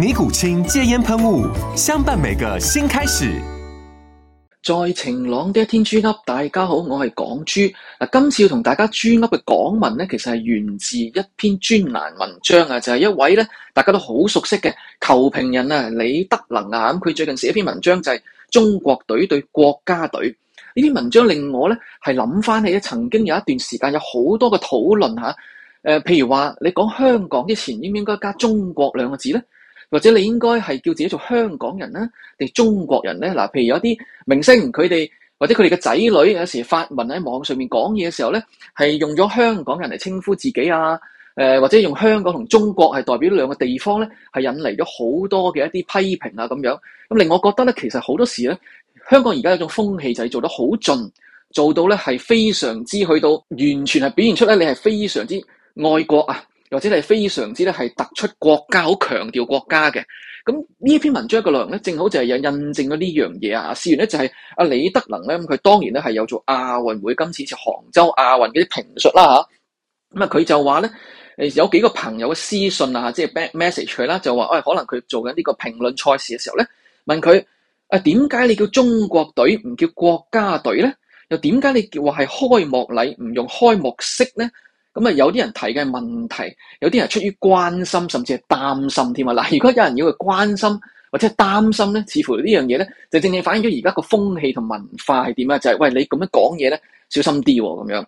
尼古清戒煙噴霧，相伴每個新開始。在晴朗的一天，豬噏大家好，我係港豬。嗱、啊，今次要同大家豬噏嘅港聞咧，其實係源自一篇專欄文章啊，就係、是、一位咧大家都好熟悉嘅球評人啊，李德能啊，咁佢最近寫一篇文章就係、是、中國隊對國家隊呢篇文章令我咧係諗翻起曾經有一段時間有好多嘅討論吓，譬、啊呃、如話你講香港之前應唔應該加中國兩個字咧？或者你應該係叫自己做香港人呢？定中國人呢？嗱，譬如有啲明星，佢哋或者佢哋嘅仔女有時發文喺網上面講嘢嘅時候咧，係用咗香港人嚟稱呼自己啊，呃，或者用香港同中國係代表兩個地方咧，係引嚟咗好多嘅一啲批評啊咁樣。咁令我覺得咧，其實好多時咧，香港而家有種風氣就係做得好盡，做到咧係非常之去到，完全係表現出咧你係非常之愛國啊！或者係非常之咧係突出國家，好強調國家嘅。咁呢篇文章嘅內容咧，正好就係有印證咗呢樣嘢啊。試完咧就係阿李德能咧，佢當然咧係有做亞運會今次係杭州亞運嗰啲評述啦嚇。咁啊佢就話咧，誒有幾個朋友嘅私信啊，即係 message 佢啦，就話、是：，誒可能佢做緊呢個評論賽事嘅時候咧，問佢誒點解你叫中國隊唔叫國家隊咧？又點解你叫話係開幕禮唔用開幕式咧？咁啊，有啲人提嘅問題，有啲人出於關心，甚至係擔心添啊！嗱，如果有人要去關心或者擔心咧，似乎呢樣嘢咧，就正正反映咗而家個風氣同文化係點啊？就係、是、喂，你咁樣講嘢咧，小心啲喎咁樣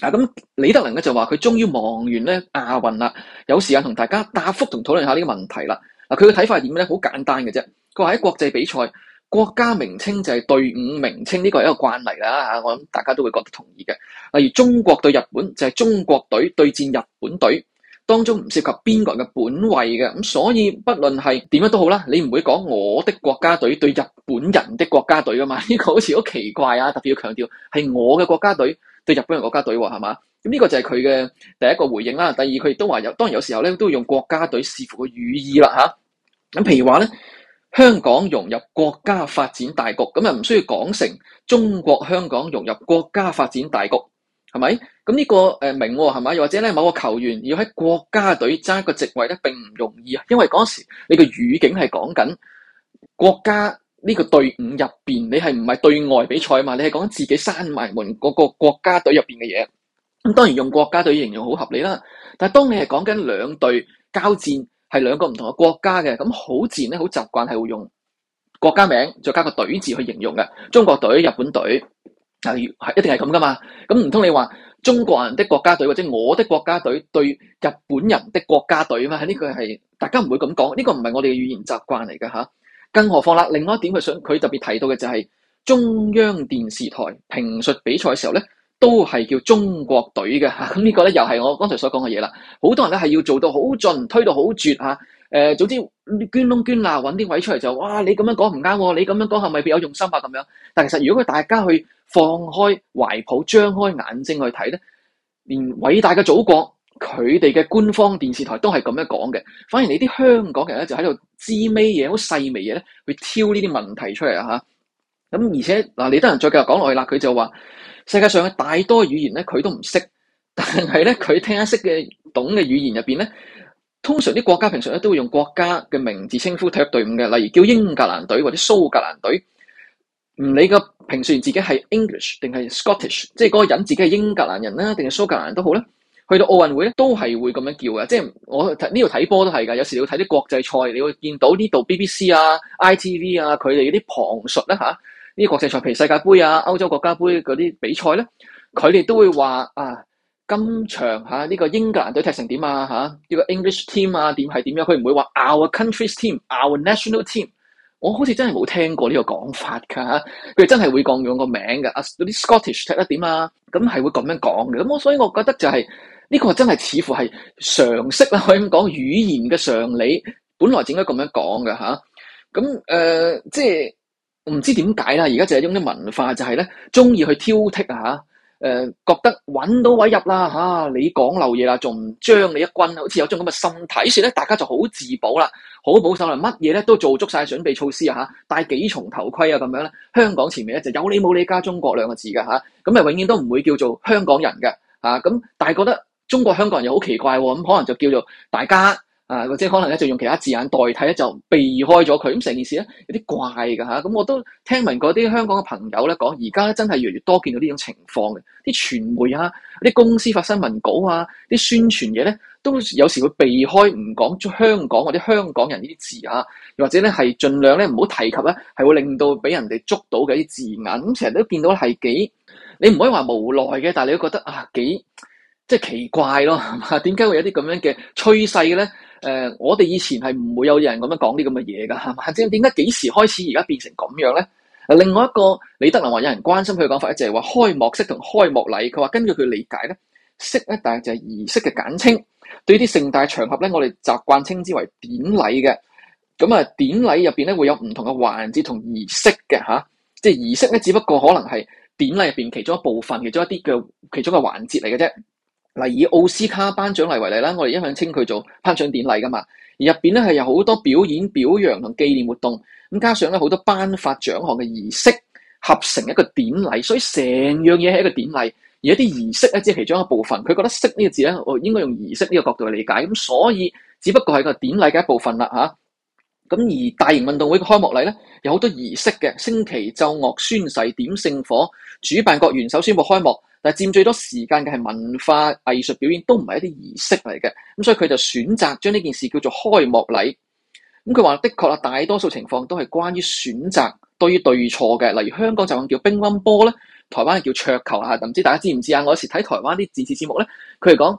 啊！咁李德能咧就話佢終於忙完咧亞運啦，有時間同大家答覆同討論下呢個問題啦。嗱、啊，佢嘅睇法點咧？好簡單嘅啫，佢話喺國際比賽，國家名稱就係隊伍名稱，呢個係一個慣例啦吓，我諗大家都會覺得同意嘅。例如中國對日本就係、是、中國隊對戰日本隊，當中唔涉及邊個人嘅本位嘅，咁所以不論係點樣都好啦，你唔會講我的國家隊對日本人的國家隊噶嘛？呢、這個好似好奇怪啊！特別要強調係我嘅國家隊對日本人國家隊喎，係嘛？咁呢個就係佢嘅第一個回應啦。第二佢亦都話有，當然有時候咧都會用國家隊視乎個語義啦吓。咁譬如話咧。香港融入國家發展大局，咁又唔需要講成中國香港融入國家發展大局，係咪？咁呢個誒明係咪？又或者咧，某個球員要喺國家隊爭一個席位咧，並唔容易啊！因為嗰時你個語境係講緊國家呢個隊伍入邊，你係唔係對外比賽嘛？你係講自己閂埋門嗰個國家隊入邊嘅嘢。咁當然用國家隊形容好合理啦。但係當你係講緊兩隊交戰。係兩個唔同嘅國家嘅，咁好自然咧，好習慣係會用國家名再加個隊字去形容嘅，中國隊、日本隊，係一定係咁噶嘛？咁唔通你話中國人的國家隊或者我的國家隊對日本人的國家隊啊嘛？呢、呢個係大家唔會咁講，呢、呢個唔係我哋嘅語言習慣嚟嘅吓。更何況啦，另外一點佢想佢特別提到嘅就係、係、中央電視台評述比賽嘅時候咧。都係叫中國隊嘅，咁呢個咧又係我剛才所講嘅嘢啦。好多人咧係要做到好盡，推到好絕嚇。誒、呃，總之捐窿捐罅揾啲位出嚟就哇，你咁樣講唔啱，你咁樣講係咪別有用心啊？咁樣。但其實如果佢大家去放開懷抱、張開眼睛去睇咧，連偉大嘅祖國佢哋嘅官方電視台都係咁樣講嘅，反而你啲香港人咧就喺度知咩嘢、好細微嘢咧，去挑呢啲問題出嚟啊！嚇。咁而且嗱，李德仁再繼續講落去啦，佢就話世界上嘅大多語言咧，佢都唔識，但係咧佢聽得識嘅、懂嘅語言入邊咧，通常啲國家平常咧都會用國家嘅名字稱呼體育隊伍嘅，例如叫英格蘭隊或者蘇格蘭隊。唔理個評述自己係 English 定係 Scottish，即係嗰個人自己係英格蘭人啦、啊，定係蘇格蘭人都好啦。去到奧運會咧都係會咁樣叫嘅。即係我呢度睇波都係㗎，有時你要睇啲國際賽，你會見到呢度 BBC 啊、ITV 啊，佢哋嗰啲旁述咧嚇。啊呢啲國際賽譬如、世界盃啊、歐洲國家杯嗰啲比賽咧，佢哋都會話啊，今場嚇呢、啊這個英格蘭隊踢成點啊嚇？呢、啊這個 English team 啊，點係點樣？佢唔會話 our country's team、our national team。我好似真係冇聽過呢個講法㗎。佢、啊、真係會講用個名㗎。啊，嗰啲 Scottish 踢得點啊？咁、嗯、係會咁樣講嘅。咁我所以我覺得就係、是、呢、這個真係似乎係常識啦，可以咁講語言嘅常理。本來應該咁樣講嘅吓？咁、啊呃、即係。唔知點解啦，而家就係用啲文化就係、是、咧，中意去挑剔啊吓，誒、呃、覺得揾到位入啦吓、啊，你講漏嘢啦，仲唔將你一棍，好似有種咁嘅心態，所以咧大家就好自保啦，好保守啦，乜嘢咧都做足晒準備措施啊吓，戴幾重頭盔啊咁樣咧，香港前面咧就有你冇你加中國兩個字噶吓，咁、啊、咪永遠都唔會叫做香港人噶吓，咁、啊、但係覺得中國香港人好奇怪喎，咁、啊嗯、可能就叫做大家。啊，或者可能咧就用其他字眼代替咧，就避開咗佢。咁成件事咧有啲怪㗎吓。咁、啊、我都聽聞過啲香港嘅朋友咧講，而家真係越嚟越多見到呢種情況嘅。啲傳媒啊，啲公司發新聞稿啊，啲宣傳嘢咧都有時會避開唔講出香港或者香港人呢啲字，又或者咧係盡量咧唔好提及咧，係會令到俾人哋捉到嘅啲字眼。咁成日都見到係幾，你唔可以話無奈嘅，但係你都會覺得啊幾。即係奇怪咯，點解會有啲咁樣嘅趨勢咧？誒、呃，我哋以前係唔會有人咁樣講啲咁嘅嘢噶，係咪先？點解幾時開始而家變成咁樣咧？啊，另外一個李德能話，有人關心佢嘅講法咧，就係話開幕式同開幕禮。佢話根據佢理解咧，式呢但係是式咧，大係就係儀式嘅簡稱。對呢啲盛大場合咧，我哋習慣稱之為典禮嘅。咁啊，典禮入邊咧會有唔同嘅環節同儀式嘅吓，即係儀式咧，只不過可能係典禮入邊其中一部分，其中一啲嘅其中嘅環節嚟嘅啫。嗱，以奧斯卡頒獎禮為例啦，我哋一向稱佢做頒獎典禮噶嘛，而入邊咧係有好多表演、表揚同紀念活動，咁加上咧好多頒發獎項嘅儀式，合成一個典禮，所以成樣嘢係一個典禮，而一啲儀式咧即係其中一部分。佢覺得“式”呢個字咧，我應該用儀式呢個角度嚟理解，咁所以只不過係個典禮嘅一部分啦嚇。咁而大型運動會嘅開幕禮咧，有好多儀式嘅，升旗、奏樂、宣誓、點聖火、主辦國元首宣布開幕。但係佔最多時間嘅係文化藝術表演，都唔係一啲儀式嚟嘅，咁所以佢就選擇將呢件事叫做開幕禮。咁佢話：的確啦，大多數情況都係關於選擇，對於對與錯嘅。例如香港就叫乒乓波咧，台灣係叫桌球嚇，唔知大家知唔知啊？我有時睇台灣啲電視節目咧，佢哋講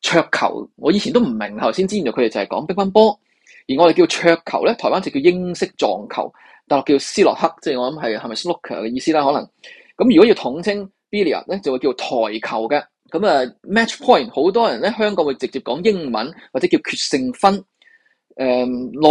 桌球，我以前都唔明，頭先知道佢哋就係講乒乓波，而我哋叫桌球咧，台灣就叫英式撞球，大陸叫斯諾克，即係我諗係係咪斯諾克嘅意思啦？可能咁，如果要統稱。b i l l 咧就會叫台球嘅，咁啊 match point 好多人咧香港會直接講英文或者叫決勝分，誒、呃、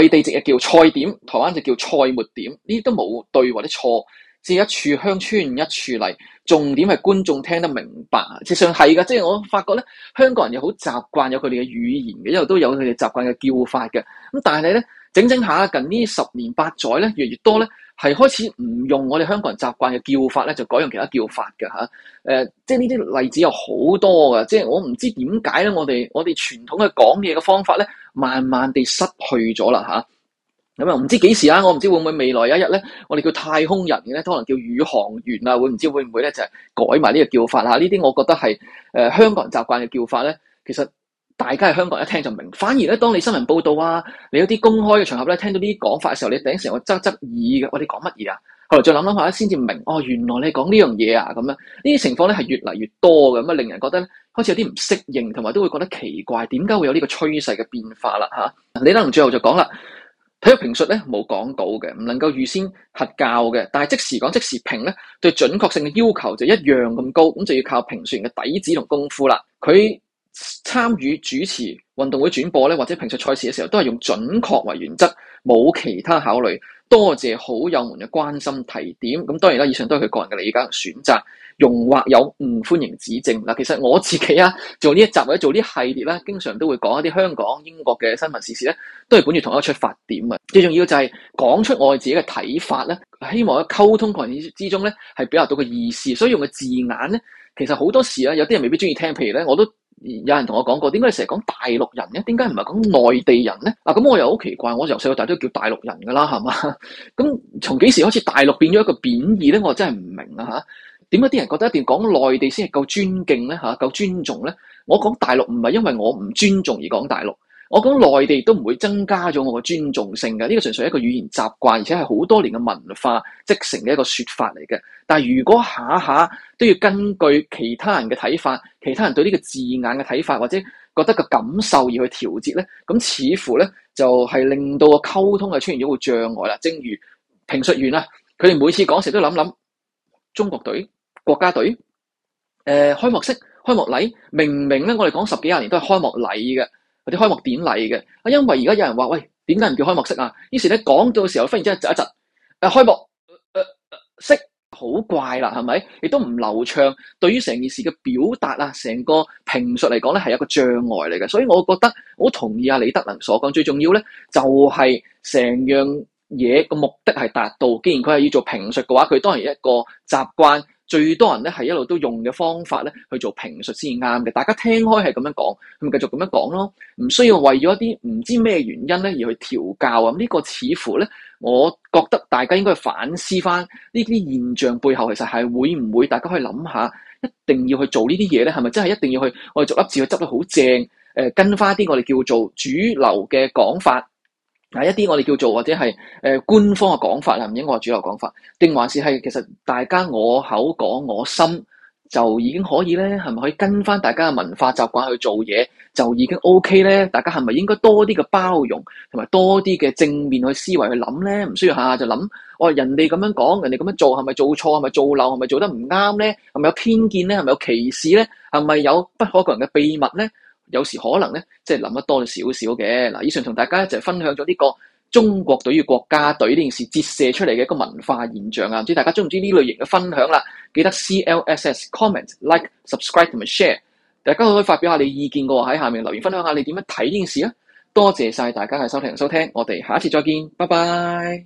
內地直日叫賽點，台灣就叫賽末點，呢啲都冇對或者錯，只係一處鄉村一處嚟。重點係觀眾聽得明白，事實係㗎，即、就、係、是、我發覺咧香港人又好習慣有佢哋嘅語言嘅，因路都有佢哋習慣嘅叫法嘅，咁但係咧整整下近呢十年八載咧越嚟越多咧。係開始唔用我哋香港人習慣嘅叫法咧，就改用其他叫法嘅吓。誒、啊呃，即係呢啲例子有好多嘅，即係我唔知點解咧，我哋我哋傳統嘅講嘢嘅方法咧，慢慢地失去咗啦吓。咁啊，唔、嗯、知幾時啊，我唔知道會唔會未來有一日咧，我哋叫太空人咧，都可能叫宇航員啊，不道會唔知會唔會咧就係、是、改埋呢個叫法吓。呢、啊、啲我覺得係誒、呃、香港人習慣嘅叫法咧，其實。大家喺香港一聽就明白，反而咧，當你新聞報道啊，你有啲公開嘅場合咧，聽到呢啲講法嘅時候，你頂成我側側耳嘅，我哋講乜嘢啊？後來再諗諗下先至明哦，原來你講呢樣嘢啊咁樣。呢啲情況咧係越嚟越多嘅，咁啊令人覺得咧開始有啲唔適應，同埋都會覺得奇怪，點解會有呢個趨勢嘅變化啦？吓、啊，你可能最後就講啦，體育評述咧冇講到嘅，唔能夠預先核教嘅，但係即時講即時評咧，對準確性嘅要求就一樣咁高，咁就要靠評述嘅底子同功夫啦，佢。參與主持運動會轉播咧，或者評述賽事嘅時候，都係用準確為原則，冇其他考慮。多謝好友們嘅關心提點。咁當然啦，以上都係佢個人嘅理解選擇，容或有誤，歡迎指正。嗱，其實我自己啊，做呢一集或者做呢系列咧，經常都會講一啲香港、英國嘅新聞時事咧，都係本着同一個出發點啊。最重要就係講出我自己嘅睇法咧，希望喺溝通過程之中咧，係表達到個意思。所以用嘅字眼咧，其實好多時咧，有啲人未必中意聽。譬如咧，我都。有人同我講過，點解你成日講大陸人呢？點解唔係講內地人呢？啊，咁我又好奇怪，我由細到大都叫大陸人噶啦，係嘛？咁從幾時開始大陸變咗一個貶義咧？我真係唔明啊！嚇，點解啲人覺得一定要講內地先係夠尊敬咧？嚇，啊，夠尊重咧？我講大陸唔係因為我唔尊重而講大陸。我講內地都唔會增加咗我嘅尊重性嘅，呢個純粹係一個語言習慣，而且係好多年嘅文化積成嘅一個說法嚟嘅。但係如果下下都要根據其他人嘅睇法，其他人對呢個字眼嘅睇法或者覺得個感受而去調節咧，咁似乎咧就係令到個溝通係出現咗個障礙啦。正如評述員啊，佢哋每次講時都諗諗中國隊、國家隊、呃，開幕式、開幕禮，明明咧我哋講十幾廿年都係開幕禮嘅。啲開幕典禮嘅啊，因為而家有人話喂，點解唔叫開幕式啊？於是咧講到的時候忽然之間窒一窒、呃，開幕、呃、式好怪啦，係咪？亦都唔流暢，對於成件事嘅表達啊，成個評述嚟講咧係一個障礙嚟嘅。所以我覺得我同意阿、啊、李德能所講，最重要咧就係成樣嘢個目的係達到。既然佢係要做評述嘅話，佢當然一個習慣。最多人咧係一路都用嘅方法咧去做評述先啱嘅，大家聽開係咁樣講，咁咪繼續咁樣講咯，唔需要為咗一啲唔知咩原因咧而去調教啊！呢、這個似乎咧，我覺得大家應該反思翻呢啲現象背後其實係會唔會？大家可以諗下，一定要去做呢啲嘢咧，係咪真係一定要去？我哋逐粒字去執得好正，誒、呃、跟翻啲我哋叫做主流嘅講法。一啲我哋叫做或者係、呃、官方嘅講法啦，唔應該話主流講法，定還是係其實大家我口講我心就已經可以咧，係咪可以跟翻大家嘅文化習慣去做嘢，就已經 OK 咧？大家係咪應該多啲嘅包容，同埋多啲嘅正面去思維去諗咧？唔需要下下就諗，我人哋咁樣講，人哋咁樣做，係咪做錯？係咪做漏？係咪做得唔啱咧？係咪有偏見咧？係咪有歧視咧？係咪有不可告人嘅秘密咧？有時可能咧，即係諗得多咗少少嘅。嗱，以上同大家就分享咗呢個中國隊與國家隊呢件事折射出嚟嘅一個文化現象啊！唔知大家中唔中意呢類型嘅分享啦？記得 C L S S comment like subscribe 同埋 share。大家可以發表下你意見嘅喎，喺下面留言分享下你點樣睇呢件事啊！多謝晒大家嘅收聽收聽，我哋下一次再見，拜拜。